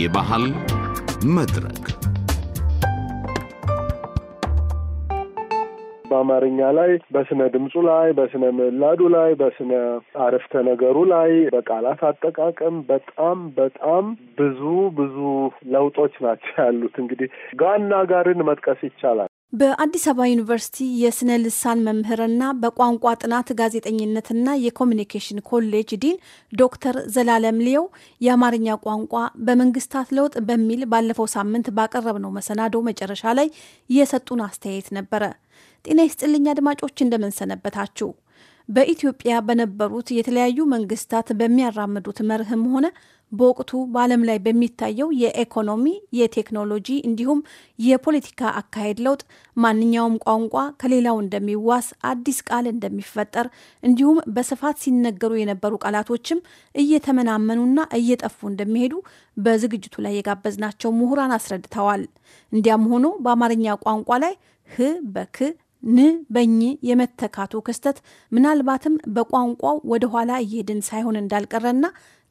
የባህል መድረክ በአማርኛ ላይ በስነ ድምፁ ላይ በስነ ምላዱ ላይ በስነ አረፍተ ነገሩ ላይ በቃላት አጠቃቀም በጣም በጣም ብዙ ብዙ ለውጦች ናቸው ያሉት። እንግዲህ ጋና ጋርን መጥቀስ ይቻላል። በአዲስ አበባ ዩኒቨርሲቲ የስነ ልሳን መምህርና በቋንቋ ጥናት ጋዜጠኝነትና የኮሚኒኬሽን ኮሌጅ ዲን ዶክተር ዘላለም ሊየው የአማርኛ ቋንቋ በመንግስታት ለውጥ በሚል ባለፈው ሳምንት ባቀረብነው መሰናዶ መጨረሻ ላይ የሰጡን አስተያየት ነበረ። ጤና ይስጥልኝ አድማጮች፣ እንደምንሰነበታችሁ። በኢትዮጵያ በነበሩት የተለያዩ መንግስታት በሚያራምዱት መርህም ሆነ በወቅቱ በዓለም ላይ በሚታየው የኢኮኖሚ፣ የቴክኖሎጂ እንዲሁም የፖለቲካ አካሄድ ለውጥ ማንኛውም ቋንቋ ከሌላው እንደሚዋስ፣ አዲስ ቃል እንደሚፈጠር እንዲሁም በስፋት ሲነገሩ የነበሩ ቃላቶችም እየተመናመኑና እየጠፉ እንደሚሄዱ በዝግጅቱ ላይ የጋበዝናቸው ምሁራን አስረድተዋል። እንዲያም ሆኖ በአማርኛ ቋንቋ ላይ ህ በክ ን በኝ የመተካቱ ክስተት ምናልባትም በቋንቋው ወደኋላ እየሄድን ሳይሆን እንዳልቀረና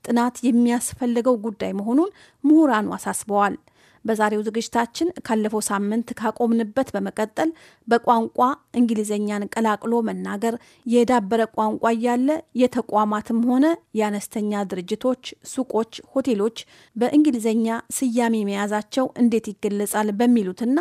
ጥናት የሚያስፈልገው ጉዳይ መሆኑን ምሁራኑ አሳስበዋል። በዛሬው ዝግጅታችን ካለፈው ሳምንት ካቆምንበት በመቀጠል በቋንቋ እንግሊዝኛን ቀላቅሎ መናገር የዳበረ ቋንቋ እያለ የተቋማትም ሆነ የአነስተኛ ድርጅቶች፣ ሱቆች፣ ሆቴሎች በእንግሊዝኛ ስያሜ መያዛቸው እንዴት ይገለጻል በሚሉትና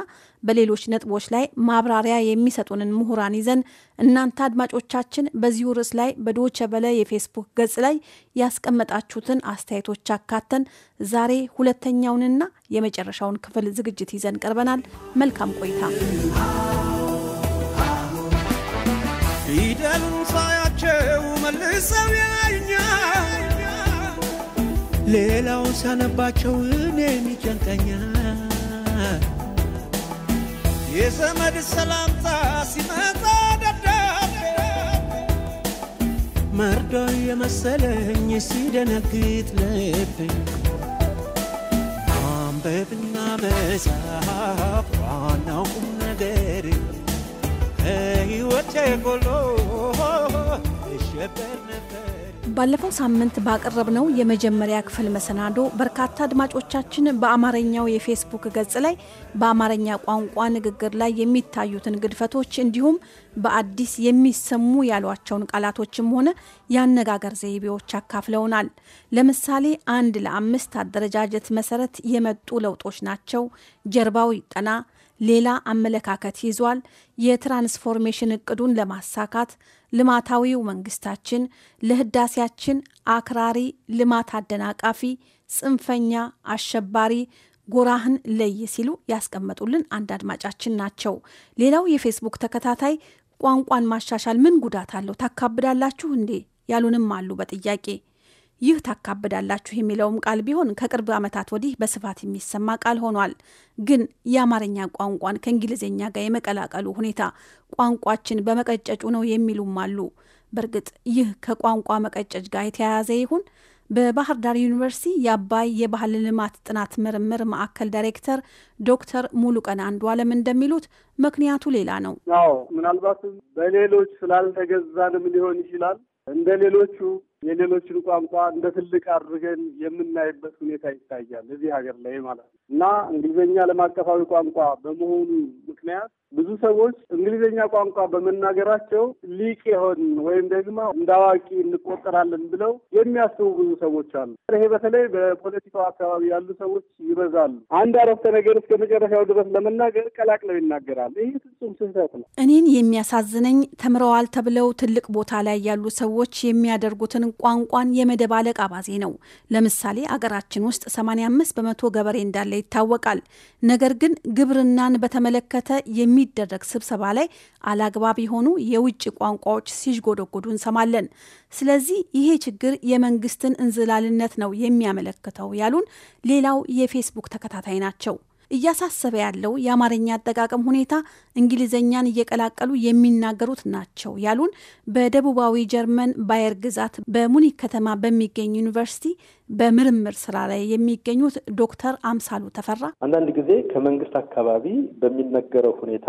በሌሎች ነጥቦች ላይ ማብራሪያ የሚሰጡንን ምሁራን ይዘን እናንተ አድማጮቻችን በዚሁ ርዕስ ላይ በዶቸ በለ የፌስቡክ ገጽ ላይ ያስቀመጣችሁትን አስተያየቶች አካተን ዛሬ ሁለተኛውንና የመጨረሻውን ክፍል ዝግጅት ይዘን ቀርበናል። መልካም ቆይታ። ፊደሉን ሳያቸው መልሰው ሌላው ሳነባቸው እኔ ይጨንቀኛል። የዘመድ ሰላምታ ሲመጣ ደዳቤ መርዶ የመሰለኝ ሲደነግጥ ልቤ ማንበብና መጻፍ ዋናው ቁም ነገር ከህይወቴ ጎሎ የሸበር ነበር። ባለፈው ሳምንት ባቀረብነው የመጀመሪያ ክፍል መሰናዶ በርካታ አድማጮቻችን በአማርኛው የፌስቡክ ገጽ ላይ በአማርኛ ቋንቋ ንግግር ላይ የሚታዩትን ግድፈቶች እንዲሁም በአዲስ የሚሰሙ ያሏቸውን ቃላቶችም ሆነ የአነጋገር ዘይቤዎች አካፍለውናል። ለምሳሌ አንድ ለአምስት አደረጃጀት መሰረት የመጡ ለውጦች ናቸው፣ ጀርባው ይጠና፣ ሌላ አመለካከት ይዟል፣ የትራንስፎርሜሽን እቅዱን ለማሳካት ልማታዊው መንግስታችን ለህዳሴያችን አክራሪ፣ ልማት አደናቃፊ፣ ጽንፈኛ፣ አሸባሪ ጎራህን ለይ ሲሉ ያስቀመጡልን አንድ አድማጫችን ናቸው። ሌላው የፌስቡክ ተከታታይ ቋንቋን ማሻሻል ምን ጉዳት አለው ታካብዳላችሁ እንዴ ያሉንም አሉ በጥያቄ ይህ ታካብዳላችሁ የሚለውም ቃል ቢሆን ከቅርብ ዓመታት ወዲህ በስፋት የሚሰማ ቃል ሆኗል። ግን የአማርኛ ቋንቋን ከእንግሊዝኛ ጋር የመቀላቀሉ ሁኔታ ቋንቋችን በመቀጨጩ ነው የሚሉም አሉ። በእርግጥ ይህ ከቋንቋ መቀጨጭ ጋር የተያያዘ ይሁን? በባህር ዳር ዩኒቨርሲቲ የአባይ የባህል ልማት ጥናት ምርምር ማዕከል ዳይሬክተር ዶክተር ሙሉቀን አንዱ አለም እንደሚሉት ምክንያቱ ሌላ ነው። አዎ ምናልባትም በሌሎች ስላልተገዛንም ሊሆን ይችላል። እንደ ሌሎቹ የሌሎችን ቋንቋ እንደ ትልቅ አድርገን የምናይበት ሁኔታ ይታያል እዚህ ሀገር ላይ ማለት ነው እና እንግሊዝኛ ዓለም አቀፋዊ ቋንቋ በመሆኑ ምክንያት ብዙ ሰዎች እንግሊዝኛ ቋንቋ በመናገራቸው ሊቅ የሆን ወይም ደግሞ እንደ አዋቂ እንቆጠራለን ብለው የሚያስቡ ብዙ ሰዎች አሉ። ይሄ በተለይ በፖለቲካው አካባቢ ያሉ ሰዎች ይበዛሉ። አንድ አረፍተ ነገር እስከ መጨረሻው ድረስ ለመናገር ቀላቅለው ይናገራል። ይህ ፍጹም ስህተት ነው። እኔን የሚያሳዝነኝ ተምረዋል ተብለው ትልቅ ቦታ ላይ ያሉ ሰዎች የሚያደርጉትን ቋንቋን የመደባለቅ አባዜ ነው። ለምሳሌ አገራችን ውስጥ 85 በመቶ ገበሬ እንዳለ ይታወቃል። ነገር ግን ግብርናን በተመለከተ የሚደረግ ስብሰባ ላይ አላግባብ የሆኑ የውጭ ቋንቋዎች ሲዥጎደጎዱ እንሰማለን። ስለዚህ ይሄ ችግር የመንግስትን እንዝላልነት ነው የሚያመለክተው ያሉን ሌላው የፌስቡክ ተከታታይ ናቸው። እያሳሰበ ያለው የአማርኛ አጠቃቀም ሁኔታ እንግሊዘኛን እየቀላቀሉ የሚናገሩት ናቸው ያሉን በደቡባዊ ጀርመን ባየር ግዛት በሙኒክ ከተማ በሚገኝ ዩኒቨርሲቲ በምርምር ስራ ላይ የሚገኙት ዶክተር አምሳሉ ተፈራ አንዳንድ ጊዜ ከመንግስት አካባቢ በሚነገረው ሁኔታ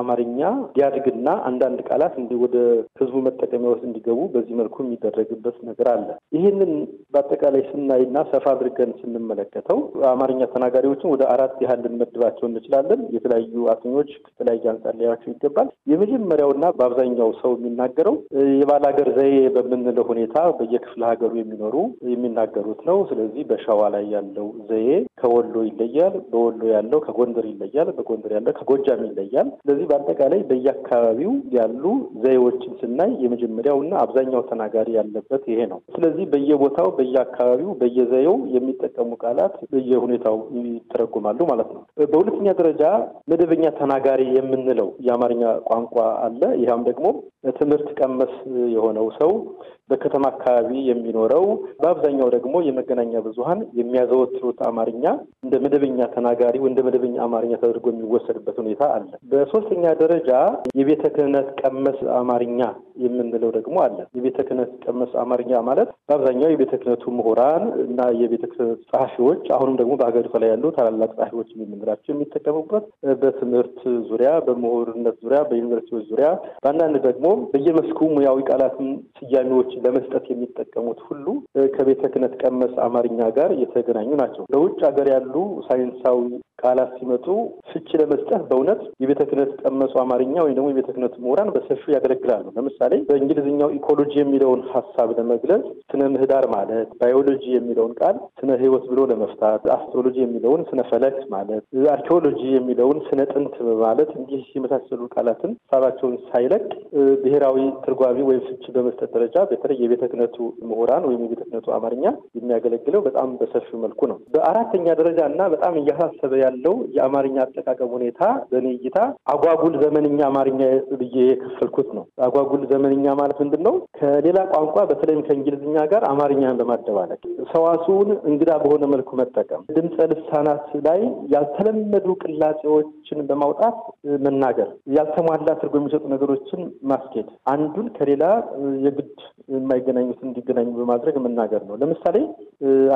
አማርኛ እንዲያድግና አንዳንድ ቃላት እንዲ ወደ ህዝቡ መጠቀሚያ ውስጥ እንዲገቡ በዚህ መልኩ የሚደረግበት ነገር አለ። ይህንን በአጠቃላይ ስናይና ሰፋ አድርገን ስንመለከተው አማርኛ ተናጋሪዎችን ወደ አራት ያህል ልንመድባቸው እንችላለን። የተለያዩ አጥኞች ከተለያየ አንጻር ሊያቸው ይገባል። የመጀመሪያውና በአብዛኛው ሰው የሚናገረው የባላገር ዘዬ በምንለው ሁኔታ በየክፍለ ሀገሩ የሚኖሩ የሚናገሩት ነው። ስለዚህ በሸዋ ላይ ያለው ዘዬ ከወሎ ይለያል። በወሎ ያለው ከጎንደር ይለያል። በጎንደር ያለው ከጎጃም ይለያል። ስለዚህ ስለዚህ በአጠቃላይ በየአካባቢው ያሉ ዘዬዎችን ስናይ የመጀመሪያውና አብዛኛው ተናጋሪ ያለበት ይሄ ነው። ስለዚህ በየቦታው በየአካባቢው በየዘዬው የሚጠቀሙ ቃላት በየሁኔታው ይተረጉማሉ ማለት ነው። በሁለተኛ ደረጃ መደበኛ ተናጋሪ የምንለው የአማርኛ ቋንቋ አለ። ይህም ደግሞ ትምህርት ቀመስ የሆነው ሰው በከተማ አካባቢ የሚኖረው በአብዛኛው ደግሞ የመገናኛ ብዙኃን የሚያዘወትሩት አማርኛ እንደ መደበኛ ተናጋሪ እንደ መደበኛ አማርኛ ተደርጎ የሚወሰድበት ሁኔታ አለ። በሶስት በሁለተኛ ደረጃ የቤተ ክህነት ቀመስ አማርኛ የምንለው ደግሞ አለ። የቤተ ክህነት ቀመስ አማርኛ ማለት በአብዛኛው የቤተ ክህነቱ ምሁራን እና የቤተ ክህነት ጸሐፊዎች፣ አሁንም ደግሞ በሀገሪቷ ላይ ያሉ ታላላቅ ጸሐፊዎች የምንላቸው የሚጠቀሙበት በትምህርት ዙሪያ፣ በምሁርነት ዙሪያ፣ በዩኒቨርሲቲዎች ዙሪያ በአንዳንድ ደግሞ በየመስኩ ሙያዊ ቃላትን ስያሜዎች ለመስጠት የሚጠቀሙት ሁሉ ከቤተ ክህነት ቀመስ አማርኛ ጋር የተገናኙ ናቸው። በውጭ ሀገር ያሉ ሳይንሳዊ ቃላት ሲመጡ ፍቺ ለመስጠት በእውነት የቤተ ክህነት ቀመሱ አማርኛ ወይም ደግሞ የቤተ ክህነት ምሁራን በሰፊው ያገለግላሉ። ለምሳሌ በእንግሊዝኛው ኢኮሎጂ የሚለውን ሀሳብ ለመግለጽ ስነ ምህዳር ማለት፣ ባዮሎጂ የሚለውን ቃል ስነ ህይወት ብሎ ለመፍታት፣ አስትሮሎጂ የሚለውን ስነ ፈለክ ማለት፣ አርኪኦሎጂ የሚለውን ስነ ጥንት ማለት እንዲህ የመሳሰሉ ቃላትን ሀሳባቸውን ሳይለቅ ብሔራዊ ትርጓሚ ወይም ፍቺ በመስጠት ደረጃ በተለይ የቤተ ክህነቱ ምሁራን ወይም የቤተ ክህነቱ አማርኛ የሚያገለግለው በጣም በሰፊው መልኩ ነው። በአራተኛ ደረጃ እና በጣም እያሳሰበ ያለ ያለው የአማርኛ አጠቃቀም ሁኔታ በእኔ እይታ አጓጉል ዘመንኛ አማርኛ ብዬ የከፈልኩት ነው። አጓጉል ዘመንኛ ማለት ምንድን ነው? ከሌላ ቋንቋ በተለይም ከእንግሊዝኛ ጋር አማርኛን በማደባለቅ ሰዋስውን እንግዳ በሆነ መልኩ መጠቀም፣ ድምፀ ልሳናት ላይ ያልተለመዱ ቅላጼዎችን በማውጣት መናገር፣ ያልተሟላ ትርጉም የሚሰጡ ነገሮችን ማስኬድ፣ አንዱን ከሌላ የግድ የማይገናኙት እንዲገናኙ በማድረግ መናገር ነው። ለምሳሌ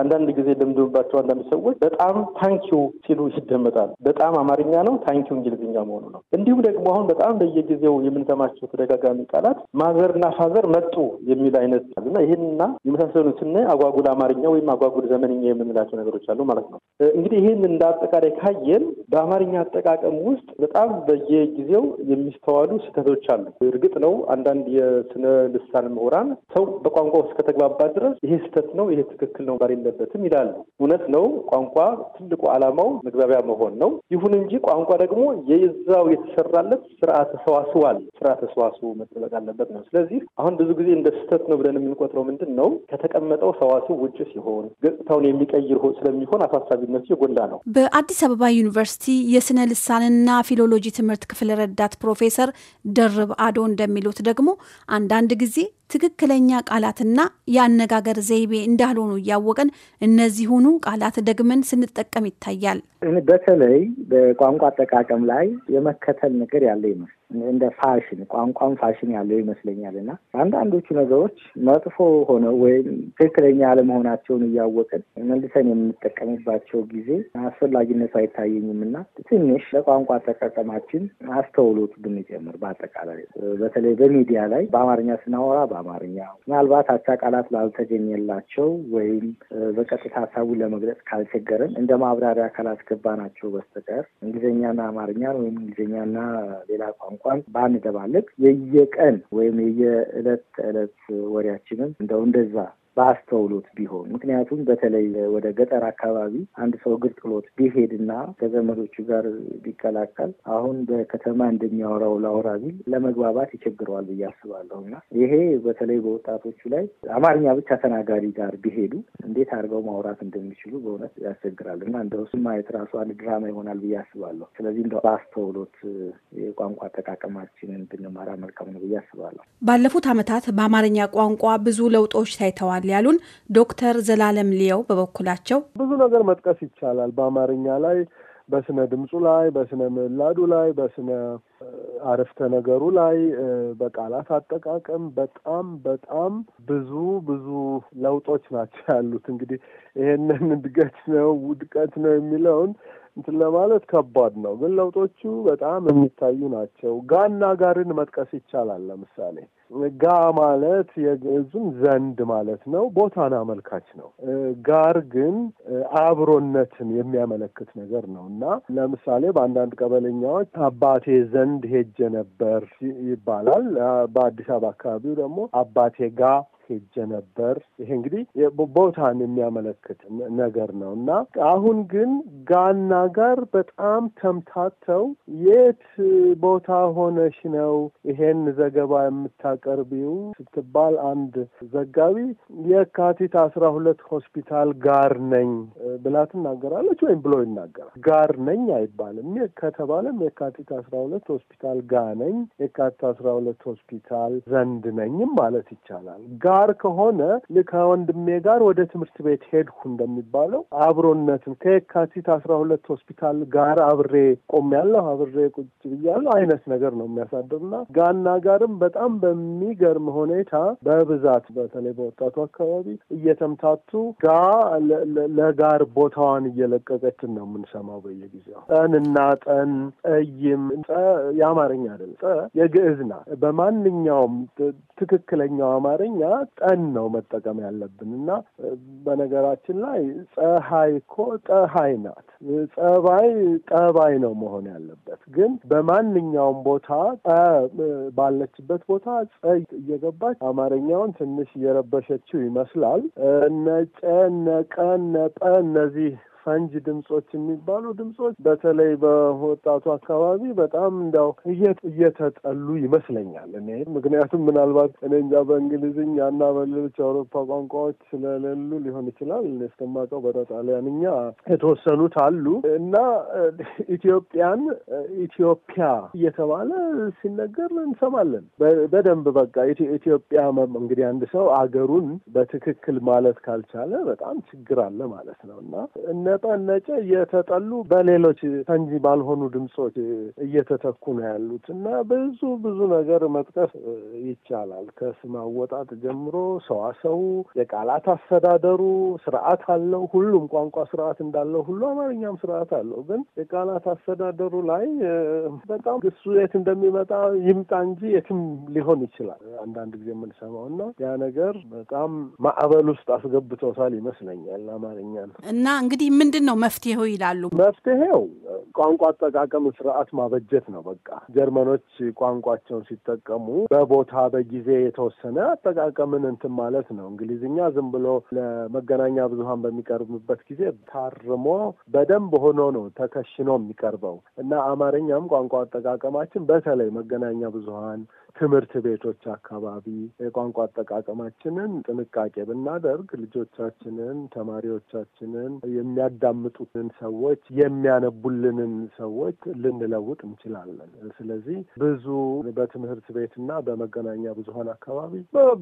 አንዳንድ ጊዜ ለምደባቸው አንዳንድ ሰዎች በጣም ታንኪው ሲሉ ይደመጣል። በጣም አማርኛ ነው ታንኪዩ እንግሊዝኛ መሆኑ ነው። እንዲሁም ደግሞ አሁን በጣም በየጊዜው የምንሰማቸው ተደጋጋሚ ቃላት ማዘርና ፋዘር መጡ የሚል አይነት እና ይህንና የመሳሰሉ ስናይ አጓጉል አማርኛ ወይም አጓጉል ዘመንኛ የምንላቸው ነገሮች አሉ ማለት ነው። እንግዲህ ይህን እንደ አጠቃላይ ካየን በአማርኛ አጠቃቀም ውስጥ በጣም በየጊዜው የሚስተዋሉ ስህተቶች አሉ። እርግጥ ነው አንዳንድ የስነ ልሳን ምሁራን ሰው በቋንቋ ውስጥ ከተግባባ ድረስ ይሄ ስህተት ነው፣ ይሄ ትክክል ነው ባር የለበትም ይላሉ። እውነት ነው። ቋንቋ ትልቁ ዓላማው መግባቢያ ገበያ መሆን ነው። ይሁን እንጂ ቋንቋ ደግሞ የዛው የተሰራለት ስርዓተ ሰዋስው አለ። ስርዓተ ሰዋስው መጠበቅ አለበት ነው። ስለዚህ አሁን ብዙ ጊዜ እንደ ስህተት ነው ብለን የምንቆጥረው ምንድን ነው ከተቀመጠው ሰዋስው ውጭ ሲሆን ገጽታውን የሚቀይር ስለሚሆን አሳሳቢነቱ የጎላ ነው። በአዲስ አበባ ዩኒቨርሲቲ የስነ ልሳንና ፊሎሎጂ ትምህርት ክፍል ረዳት ፕሮፌሰር ደርብ አዶ እንደሚሉት ደግሞ አንዳንድ ጊዜ ትክክለኛ ቃላትና የአነጋገር ዘይቤ እንዳልሆኑ እያወቀን እነዚሁኑ ቃላት ደግመን ስንጠቀም ይታያል። በተለይ በቋንቋ አጠቃቀም ላይ የመከተል ነገር ያለ ይመስል እንደ ፋሽን ቋንቋም ፋሽን ያለው ይመስለኛል እና አንዳንዶቹ ነገሮች መጥፎ ሆነው ወይም ትክክለኛ አለመሆናቸውን እያወቅን መልሰን የምንጠቀምባቸው ጊዜ አስፈላጊነቱ አይታየኝም እና ትንሽ ለቋንቋ አጠቃቀማችን አስተውሎት ብንጨምር በአጠቃላይ በተለይ በሚዲያ ላይ በአማርኛ ስናወራ በአማርኛ ምናልባት አቻ ቃላት ላልተገኘላቸው ወይም በቀጥታ ሀሳቡን ለመግለጽ ካልቸገረን እንደ ማብራሪያ ካላስገባናቸው በስተቀር እንግሊዝኛና አማርኛን ወይም እንግሊዝኛና ሌላ ቋንቋ እንኳን ባንደባለቅ የየቀን ወይም የየዕለት ተዕለት ወሬያችንን እንደው እንደዛ በአስተውሎት ቢሆን። ምክንያቱም በተለይ ወደ ገጠር አካባቢ አንድ ሰው እግር ጥሎት ቢሄድና ከዘመዶቹ ጋር ቢቀላቀል አሁን በከተማ እንደሚያወራው ላውራ ቢል ለመግባባት ይቸግረዋል ብዬ አስባለሁ እና ይሄ በተለይ በወጣቶቹ ላይ አማርኛ ብቻ ተናጋሪ ጋር ቢሄዱ እንዴት አድርገው ማውራት እንደሚችሉ በእውነት ያስቸግራል እና እንደ እሱም ማየት ራሱ አንድ ድራማ ይሆናል ብዬ አስባለሁ። ስለዚህ እንደ በአስተውሎት የቋንቋ አጠቃቀማችንን ብንማራ መልካም ነው ብዬ አስባለሁ። ባለፉት ዓመታት በአማርኛ ቋንቋ ብዙ ለውጦች ታይተዋል። ያሉን ዶክተር ዘላለም ሊየው በበኩላቸው ብዙ ነገር መጥቀስ ይቻላል በአማርኛ ላይ በስነ ድምፁ ላይ በስነ ምላዱ ላይ በስነ አረፍተ ነገሩ ላይ በቃላት አጠቃቀም በጣም በጣም ብዙ ብዙ ለውጦች ናቸው ያሉት። እንግዲህ ይሄንን እድገት ነው ውድቀት ነው የሚለውን እንትን ለማለት ከባድ ነው። ግን ለውጦቹ በጣም የሚታዩ ናቸው። ጋና ጋርን መጥቀስ ይቻላል። ለምሳሌ ጋ ማለት የግዕዙም ዘንድ ማለት ነው። ቦታን አመልካች ነው። ጋር ግን አብሮነትን የሚያመለክት ነገር ነው እና ለምሳሌ በአንዳንድ ቀበሌኛዎች አባቴ ዘንድ ሄጄ ነበር ይባላል። በአዲስ አበባ አካባቢው ደግሞ አባቴ ጋ ሄጄ ነበር። ይሄ እንግዲህ ቦታን የሚያመለክት ነገር ነው እና አሁን ግን ጋና ጋር በጣም ተምታተው የት ቦታ ሆነሽ ነው ይሄን ዘገባ የምታቀርቢው ስትባል አንድ ዘጋቢ የካቲት አስራ ሁለት ሆስፒታል ጋር ነኝ ብላ ትናገራለች ወይም ብሎ ይናገራል። ጋር ነኝ አይባልም። ከተባለም የካቲት አስራ ሁለት ሆስፒታል ጋ ነኝ፣ የካቲት አስራ ሁለት ሆስፒታል ዘንድ ነኝም ማለት ይቻላል። ጋ ባር ከሆነ ከወንድሜ ጋር ወደ ትምህርት ቤት ሄድኩ እንደሚባለው አብሮነትም ከየካቲት አስራ ሁለት ሆስፒታል ጋር አብሬ ቆሜያለሁ፣ አብሬ ቁጭ ብያለሁ አይነት ነገር ነው የሚያሳድርና ጋና ጋርም በጣም በሚገርም ሁኔታ በብዛት በተለይ በወጣቱ አካባቢ እየተምታቱ ጋ ለጋር ቦታዋን እየለቀቀችን ነው የምንሰማው በየጊዜው ጠን እና ጠን ጠይም የአማርኛ አይደለም የግዕዝ ናት። በማንኛውም ትክክለኛው አማርኛ መጠን ነው መጠቀም ያለብን እና በነገራችን ላይ ፀሐይ እኮ ፀሐይ ናት። ጸባይ ጠባይ ነው መሆን ያለበት። ግን በማንኛውም ቦታ ባለችበት ቦታ ፀይ እየገባች አማርኛውን ትንሽ እየረበሸችው ይመስላል። እነጨ፣ እነቀ፣ እነጠ እነዚህ ፈንጅ ድምጾች የሚባሉ ድምጾች በተለይ በወጣቱ አካባቢ በጣም እንዲያው እየተጠሉ ይመስለኛል እኔ ምክንያቱም ምናልባት እኔ እንጃ እና በሌሎች የአውሮፓ ቋንቋዎች ስለሌሉ ሊሆን ይችላል እስከማውቀው በጣሊያንኛ የተወሰኑት አሉ እና ኢትዮጵያን ኢትዮጵያ እየተባለ ሲነገር እንሰማለን በደንብ በቃ ኢትዮጵያ እንግዲህ አንድ ሰው አገሩን በትክክል ማለት ካልቻለ በጣም ችግር አለ ማለት ነው እና እነ እየተጠነጨ እየተጠሉ በሌሎች ፈንጂ ባልሆኑ ድምፆች እየተተኩ ነው ያሉት እና ብዙ ብዙ ነገር መጥቀስ ይቻላል። ከስም አወጣጥ ጀምሮ ሰዋሰው፣ የቃላት አስተዳደሩ ስርዓት አለው። ሁሉም ቋንቋ ስርዓት እንዳለው ሁሉ አማርኛም ስርዓት አለው። ግን የቃላት አስተዳደሩ ላይ በጣም ግሱ የት እንደሚመጣ ይምጣ እንጂ የትም ሊሆን ይችላል አንዳንድ ጊዜ የምንሰማው እና ያ ነገር በጣም ማዕበል ውስጥ አስገብቶታል ይመስለኛል አማርኛ ነው እና እንግዲህ ምን ምንድን ነው መፍትሄው ይላሉ? መፍትሄው ቋንቋ አጠቃቀም ስርዓት ማበጀት ነው። በቃ ጀርመኖች ቋንቋቸውን ሲጠቀሙ በቦታ በጊዜ የተወሰነ አጠቃቀምን እንትን ማለት ነው። እንግሊዝኛ ዝም ብሎ ለመገናኛ ብዙኃን በሚቀርብበት ጊዜ ታርሞ በደንብ ሆኖ ነው ተከሽኖ የሚቀርበው እና አማርኛም ቋንቋ አጠቃቀማችን በተለይ መገናኛ ብዙኃን ትምህርት ቤቶች አካባቢ የቋንቋ አጠቃቀማችንን ጥንቃቄ ብናደርግ ልጆቻችንን፣ ተማሪዎቻችንን፣ የሚያዳምጡትን ሰዎች፣ የሚያነቡልንን ሰዎች ልንለውጥ እንችላለን። ስለዚህ ብዙ በትምህርት ቤትና በመገናኛ ብዙሀን አካባቢ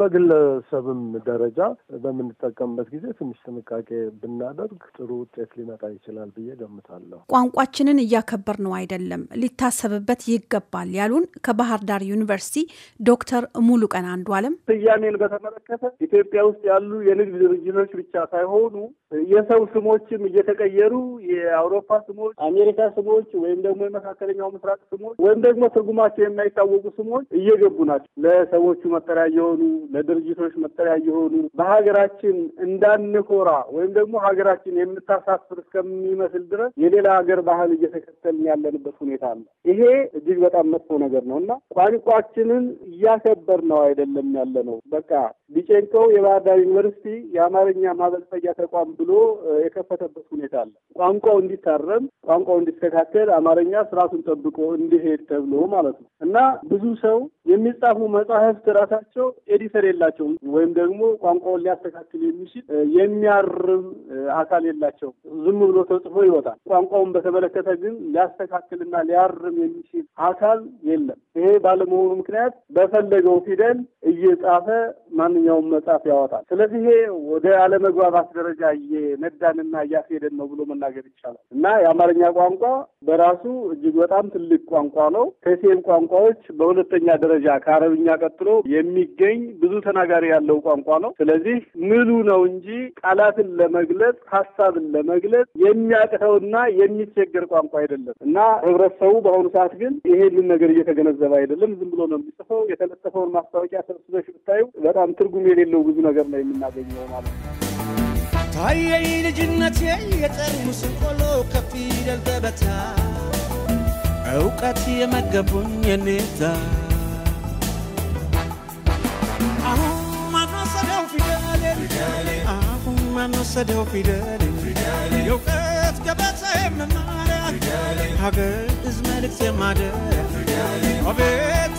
በግለሰብም ደረጃ በምንጠቀምበት ጊዜ ትንሽ ጥንቃቄ ብናደርግ ጥሩ ውጤት ሊመጣ ይችላል ብዬ ገምታለሁ። ቋንቋችንን እያከበር ነው አይደለም ሊታሰብበት ይገባል ያሉን ከባህር ዳር ዩኒቨርሲቲ ዶክተር ሙሉቀን አንዱ አለም ስያሜን በተመለከተ ኢትዮጵያ ውስጥ ያሉ የንግድ ድርጅቶች ብቻ ሳይሆኑ የሰው ስሞችም እየተቀየሩ የአውሮፓ ስሞች፣ አሜሪካ ስሞች ወይም ደግሞ የመካከለኛው ምስራቅ ስሞች ወይም ደግሞ ትርጉማቸው የማይታወቁ ስሞች እየገቡ ናቸው። ለሰዎቹ መጠሪያ የሆኑ ለድርጅቶች መጠሪያ የሆኑ በሀገራችን እንዳንኮራ ወይም ደግሞ ሀገራችን የምታሳፍር እስከሚመስል ድረስ የሌላ ሀገር ባህል እየተከተልን ያለንበት ሁኔታ አለ። ይሄ እጅግ በጣም መጥፎ ነገር ነው እና ቋንቋችን ባህላችንን እያከበር ነው አይደለም ያለ ነው። በቃ ሊጨንቀው የባህር ዳር ዩኒቨርሲቲ የአማርኛ ማበልጸጊያ ተቋም ብሎ የከፈተበት ሁኔታ አለ። ቋንቋው እንዲታረም፣ ቋንቋው እንዲስተካከል፣ አማርኛ ስርዓቱን ጠብቆ እንዲሄድ ተብሎ ማለት ነው እና ብዙ ሰው የሚጻፉ መጽሐፍት ራሳቸው ኤዲተር የላቸውም ወይም ደግሞ ቋንቋውን ሊያስተካክል የሚችል የሚያርም አካል የላቸውም። ዝም ብሎ ተጽፎ ይወጣል። ቋንቋውን በተመለከተ ግን ሊያስተካክልና ሊያርም የሚችል አካል የለም። ይሄ ባለመሆኑ ምክንያት በፈለገው ፊደል እየጻፈ ማን ማንኛውም መጽሐፍ ያወጣል። ስለዚህ ይሄ ወደ አለመግባባት ደረጃ እየነዳንና እያስሄደን ነው ብሎ መናገር ይቻላል እና የአማርኛ ቋንቋ በራሱ እጅግ በጣም ትልቅ ቋንቋ ነው። ከሴም ቋንቋዎች በሁለተኛ ደረጃ ከአረብኛ ቀጥሎ የሚገኝ ብዙ ተናጋሪ ያለው ቋንቋ ነው። ስለዚህ ምሉ ነው እንጂ ቃላትን ለመግለጽ ሀሳብን ለመግለጽ የሚያቅተውና የሚቸገር ቋንቋ አይደለም እና ህብረተሰቡ በአሁኑ ሰዓት ግን ይሄንን ነገር እየተገነዘበ አይደለም። ዝም ብሎ ነው የሚጽፈው። የተለጠፈውን ማስታወቂያ ሰብስበሽ ብታዩ በጣም ትርጉም የሌለው ብዙ ነገር ነው የምናገኘው ማለት ነው። ታየኝ ልጅነቴ የጠርሙስ ቆሎ ከፊደል ገበታ እውቀት የመገቡኝ የኔታ አሁን ማንወሰደው ፊደል አሁን ማንወሰደው ፊደል የእውቀት ገበታ የመማሪያ ሀገር እዝ መልእክት የማደር አቤት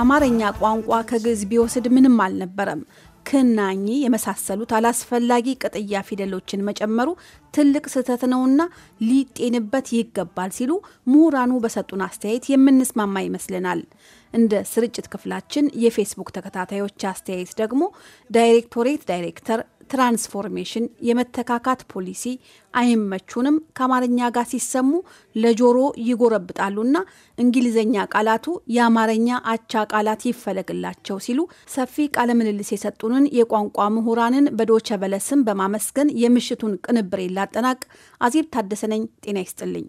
አማርኛ ቋንቋ ከግዕዝ ቢወስድ ምንም አልነበረም። ክናኝ የመሳሰሉት አላስፈላጊ ቅጥያ ፊደሎችን መጨመሩ ትልቅ ስህተት ነውና ሊጤንበት ይገባል ሲሉ ምሁራኑ በሰጡን አስተያየት የምንስማማ ይመስልናል። እንደ ስርጭት ክፍላችን የፌስቡክ ተከታታዮች አስተያየት ደግሞ ዳይሬክቶሬት ዳይሬክተር ትራንስፎርሜሽን፣ የመተካካት ፖሊሲ አይመቹንም። ከአማርኛ ጋር ሲሰሙ ለጆሮ ይጎረብጣሉና እንግሊዝኛ ቃላቱ የአማርኛ አቻ ቃላት ይፈለግላቸው ሲሉ ሰፊ ቃለምልልስ የሰጡንን የቋንቋ ምሁራንን በዶቸ በለስም በማመስገን የምሽቱን ቅንብር ላጠናቅ። አዜብ ታደሰነኝ ጤና ይስጥልኝ።